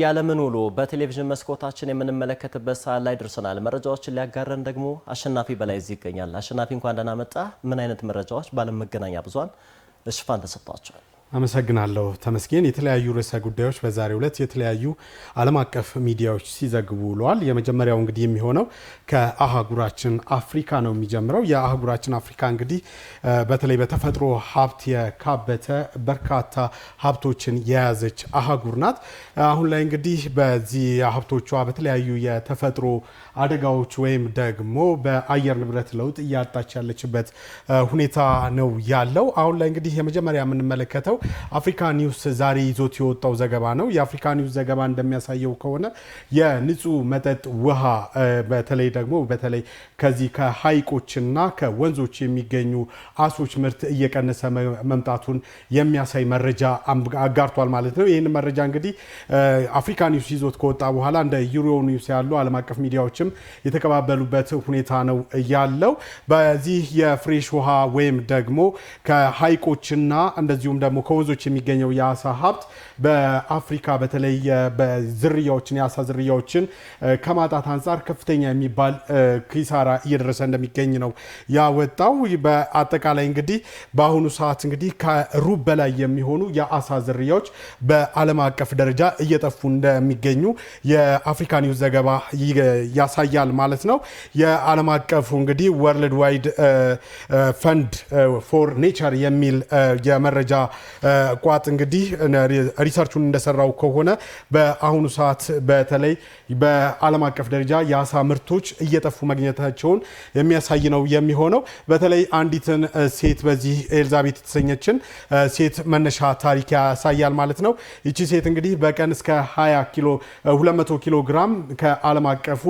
ያለምን ውሎ በቴሌቪዥን መስኮታችን የምንመለከትበት ሰዓት ላይ ደርሰናል። መረጃዎችን ሊያጋረን ደግሞ አሸናፊ በላይ እዚህ ይገኛል። አሸናፊ እንኳን ደህና መጣ። ምን አይነት መረጃዎች ባለም መገናኛ ብዙሃን ሽፋን ተሰጥቷቸዋል? አመሰግናለሁ ተመስገን። የተለያዩ ርዕሰ ጉዳዮች በዛሬ ዕለት የተለያዩ ዓለም አቀፍ ሚዲያዎች ሲዘግቡ ውለዋል። የመጀመሪያው እንግዲህ የሚሆነው ከአህጉራችን አፍሪካ ነው የሚጀምረው። የአህጉራችን አፍሪካ እንግዲህ በተለይ በተፈጥሮ ሀብት የካበተ በርካታ ሀብቶችን የያዘች አህጉር ናት። አሁን ላይ እንግዲህ በዚህ ሀብቶቿ በተለያዩ የተፈጥሮ አደጋዎች ወይም ደግሞ በአየር ንብረት ለውጥ እያጣች ያለችበት ሁኔታ ነው ያለው። አሁን ላይ እንግዲህ የመጀመሪያ የምንመለከተው አፍሪካ ኒውስ ዛሬ ይዞት የወጣው ዘገባ ነው። የአፍሪካ ኒውስ ዘገባ እንደሚያሳየው ከሆነ የንጹህ መጠጥ ውሃ በተለይ ደግሞ በተለይ ከዚህ ከሀይቆችና ከወንዞች የሚገኙ አሶች ምርት እየቀነሰ መምጣቱን የሚያሳይ መረጃ አጋርቷል ማለት ነው። ይህን መረጃ እንግዲህ አፍሪካ ኒውስ ይዞት ከወጣ በኋላ እንደ ዩሮ ኒውስ ያሉ ዓለም አቀፍ ሚዲያዎችም የተቀባበሉበት ሁኔታ ነው ያለው። በዚህ የፍሬሽ ውሃ ወይም ደግሞ ከሀይቆችና እንደዚሁም ደግሞ ከወንዞች የሚገኘው የአሳ ሀብት በአፍሪካ በተለይ ዝርያዎችን የአሳ ዝርያዎችን ከማጣት አንጻር ከፍተኛ የሚባል ኪሳራ እየደረሰ እንደሚገኝ ነው ያወጣው። በአጠቃላይ እንግዲህ በአሁኑ ሰዓት እንግዲህ ከሩብ በላይ የሚሆኑ የአሳ ዝርያዎች በዓለም አቀፍ ደረጃ እየጠፉ እንደሚገኙ የአፍሪካ ኒውስ ዘገባ ያሳያል ማለት ነው። የዓለም አቀፉ እንግዲህ ወርልድ ዋይድ ፈንድ ፎር ኔቸር የሚል የመረጃ ቋጥ እንግዲህ ሪሰርቹን እንደሰራው ከሆነ በአሁኑ ሰዓት በተለይ በዓለም አቀፍ ደረጃ የአሳ ምርቶች እየጠፉ መግኘታቸውን የሚያሳይ ነው የሚሆነው። በተለይ አንዲትን ሴት በዚህ ኤልዛቤት የተሰኘችን ሴት መነሻ ታሪክ ያሳያል ማለት ነው። ይቺ ሴት እንግዲህ በቀን እስከ 20 ኪሎ 200 ኪሎ ግራም ከዓለም አቀፉ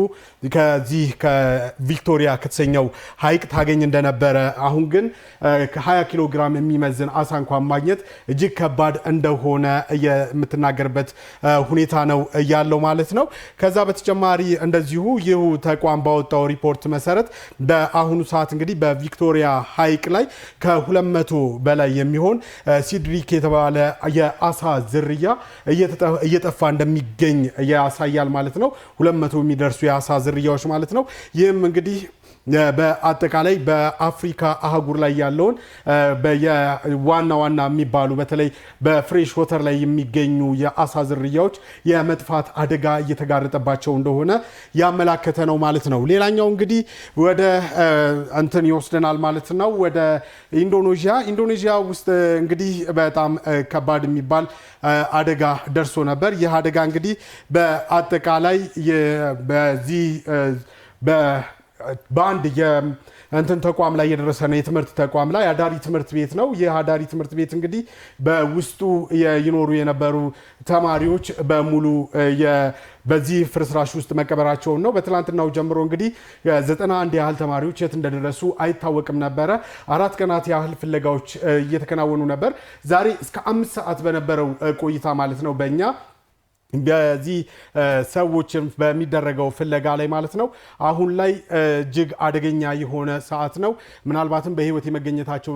ከዚህ ከቪክቶሪያ ከተሰኘው ሀይቅ ታገኝ እንደነበረ አሁን ግን ከ20 ኪሎ ግራም የሚመዝን አሳ እንኳን ማግኘት እጅግ ከባድ እንደሆነ የምትናገርበት ሁኔታ ነው ያለው ማለት ነው። ከዛ በተጨማሪ እንደዚሁ ይህ ተቋም ባወጣው ሪፖርት መሰረት በአሁኑ ሰዓት እንግዲህ በቪክቶሪያ ሐይቅ ላይ ከ200 በላይ የሚሆን ሲድሪክ የተባለ የአሳ ዝርያ እየጠፋ እንደሚገኝ ያሳያል ማለት ነው። 200 የሚደርሱ የአሳ ዝርያዎች ማለት ነው። ይህም እንግዲህ በአጠቃላይ በአፍሪካ አህጉር ላይ ያለውን ዋና ዋና የሚባሉ በተለይ በፍሬሽ ወተር ላይ የሚገኙ የአሳ ዝርያዎች የመጥፋት አደጋ እየተጋረጠባቸው እንደሆነ ያመላከተ ነው ማለት ነው። ሌላኛው እንግዲህ ወደ እንትን ይወስደናል ማለት ነው፣ ወደ ኢንዶኔዥያ። ኢንዶኔዥያ ውስጥ እንግዲህ በጣም ከባድ የሚባል አደጋ ደርሶ ነበር። ይህ አደጋ እንግዲህ በአጠቃላይ በዚህ በአንድ የእንትን ተቋም ላይ የደረሰ ነው። የትምህርት ተቋም ላይ አዳሪ ትምህርት ቤት ነው። ይህ አዳሪ ትምህርት ቤት እንግዲህ በውስጡ ይኖሩ የነበሩ ተማሪዎች በሙሉ በዚህ ፍርስራሽ ውስጥ መቀበራቸውን ነው። በትላንትናው ጀምሮ እንግዲህ ዘጠና አንድ ያህል ተማሪዎች የት እንደደረሱ አይታወቅም ነበረ። አራት ቀናት ያህል ፍለጋዎች እየተከናወኑ ነበር። ዛሬ እስከ አምስት ሰዓት በነበረው ቆይታ ማለት ነው በእኛ በዚህ ሰዎችን በሚደረገው ፍለጋ ላይ ማለት ነው። አሁን ላይ እጅግ አደገኛ የሆነ ሰዓት ነው። ምናልባትም በህይወት የመገኘታቸው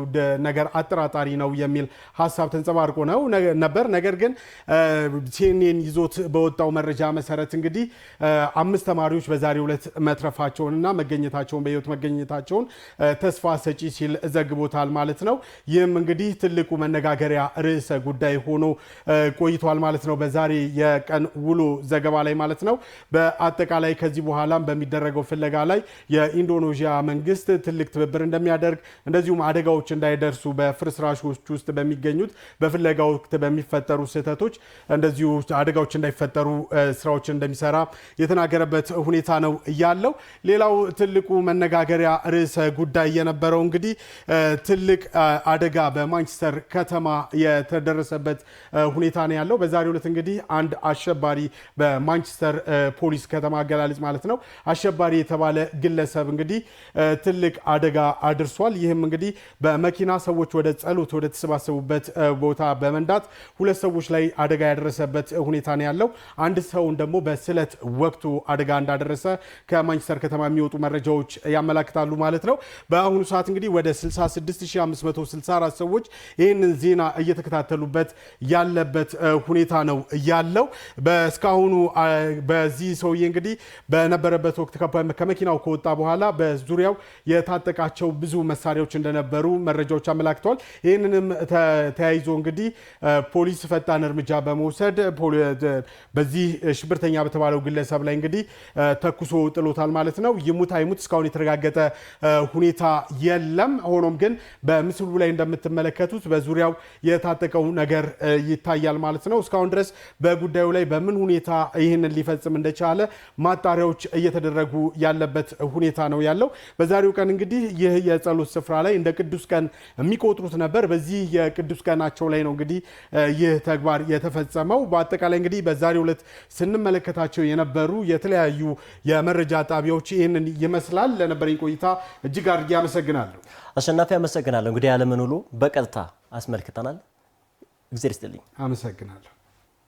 ነገር አጠራጣሪ ነው የሚል ሀሳብ ተንጸባርቆ ነው ነበር። ነገር ግን ሲኤንኤን ይዞት በወጣው መረጃ መሰረት እንግዲህ አምስት ተማሪዎች በዛሬው ዕለት መትረፋቸውን እና መገኘታቸውን በህይወት መገኘታቸውን ተስፋ ሰጪ ሲል ዘግቦታል ማለት ነው። ይህም እንግዲህ ትልቁ መነጋገሪያ ርዕሰ ጉዳይ ሆኖ ቆይቷል ማለት ነው በዛሬ ቀን ውሎ ዘገባ ላይ ማለት ነው። በአጠቃላይ ከዚህ በኋላም በሚደረገው ፍለጋ ላይ የኢንዶኔዥያ መንግስት ትልቅ ትብብር እንደሚያደርግ እንደዚሁም አደጋዎች እንዳይደርሱ በፍርስራሾች ውስጥ በሚገኙት በፍለጋ ወቅት በሚፈጠሩ ስህተቶች እንደዚሁ አደጋዎች እንዳይፈጠሩ ስራዎችን እንደሚሰራ የተናገረበት ሁኔታ ነው ያለው። ሌላው ትልቁ መነጋገሪያ ርዕሰ ጉዳይ የነበረው እንግዲህ ትልቅ አደጋ በማንቸስተር ከተማ የተደረሰበት ሁኔታ ነው ያለው። በዛሬው ዕለት እንግዲህ አንድ አሸባሪ በማንቸስተር ፖሊስ ከተማ አገላለጽ ማለት ነው አሸባሪ የተባለ ግለሰብ እንግዲህ ትልቅ አደጋ አድርሷል። ይህም እንግዲህ በመኪና ሰዎች ወደ ጸሎት ወደ ተሰባሰቡበት ቦታ በመንዳት ሁለት ሰዎች ላይ አደጋ ያደረሰበት ሁኔታ ነው ያለው። አንድ ሰውን ደግሞ በስለት ወቅቱ አደጋ እንዳደረሰ ከማንቸስተር ከተማ የሚወጡ መረጃዎች ያመላክታሉ ማለት ነው። በአሁኑ ሰዓት እንግዲህ ወደ 66564 ሰዎች ይህንን ዜና እየተከታተሉበት ያለበት ሁኔታ ነው ያለው። በእስካሁኑ በዚህ ሰውዬ እንግዲህ በነበረበት ወቅት ከመኪናው ከወጣ በኋላ በዙሪያው የታጠቃቸው ብዙ መሳሪያዎች እንደነበሩ መረጃዎች አመላክተዋል። ይህንንም ተያይዞ እንግዲህ ፖሊስ ፈጣን እርምጃ በመውሰድ በዚህ ሽብርተኛ በተባለው ግለሰብ ላይ እንግዲህ ተኩሶ ጥሎታል ማለት ነው። ይሙት አይሙት እስካሁን የተረጋገጠ ሁኔታ የለም። ሆኖም ግን በምስሉ ላይ እንደምትመለከቱት በዙሪያው የታጠቀው ነገር ይታያል ማለት ነው። እስካሁን ድረስ በጉዳዩ ላይ በምን ሁኔታ ይህንን ሊፈጽም እንደቻለ ማጣሪያዎች እየተደረጉ ያለበት ሁኔታ ነው ያለው። በዛሬው ቀን እንግዲህ ይህ የጸሎት ስፍራ ላይ እንደ ቅዱስ ቀን የሚቆጥሩት ነበር። በዚህ የቅዱስ ቀናቸው ላይ ነው እንግዲህ ይህ ተግባር የተፈጸመው። በአጠቃላይ እንግዲህ በዛሬው ዕለት ስንመለከታቸው የነበሩ የተለያዩ የመረጃ ጣቢያዎች ይህንን ይመስላል። ለነበረኝ ቆይታ እጅግ አድርጌ አመሰግናለሁ። አሸናፊ አመሰግናለሁ። እንግዲህ ያለምን ውሎ በቀጥታ አስመልክተናል። እግዜር ይስጥልኝ። አመሰግናለሁ።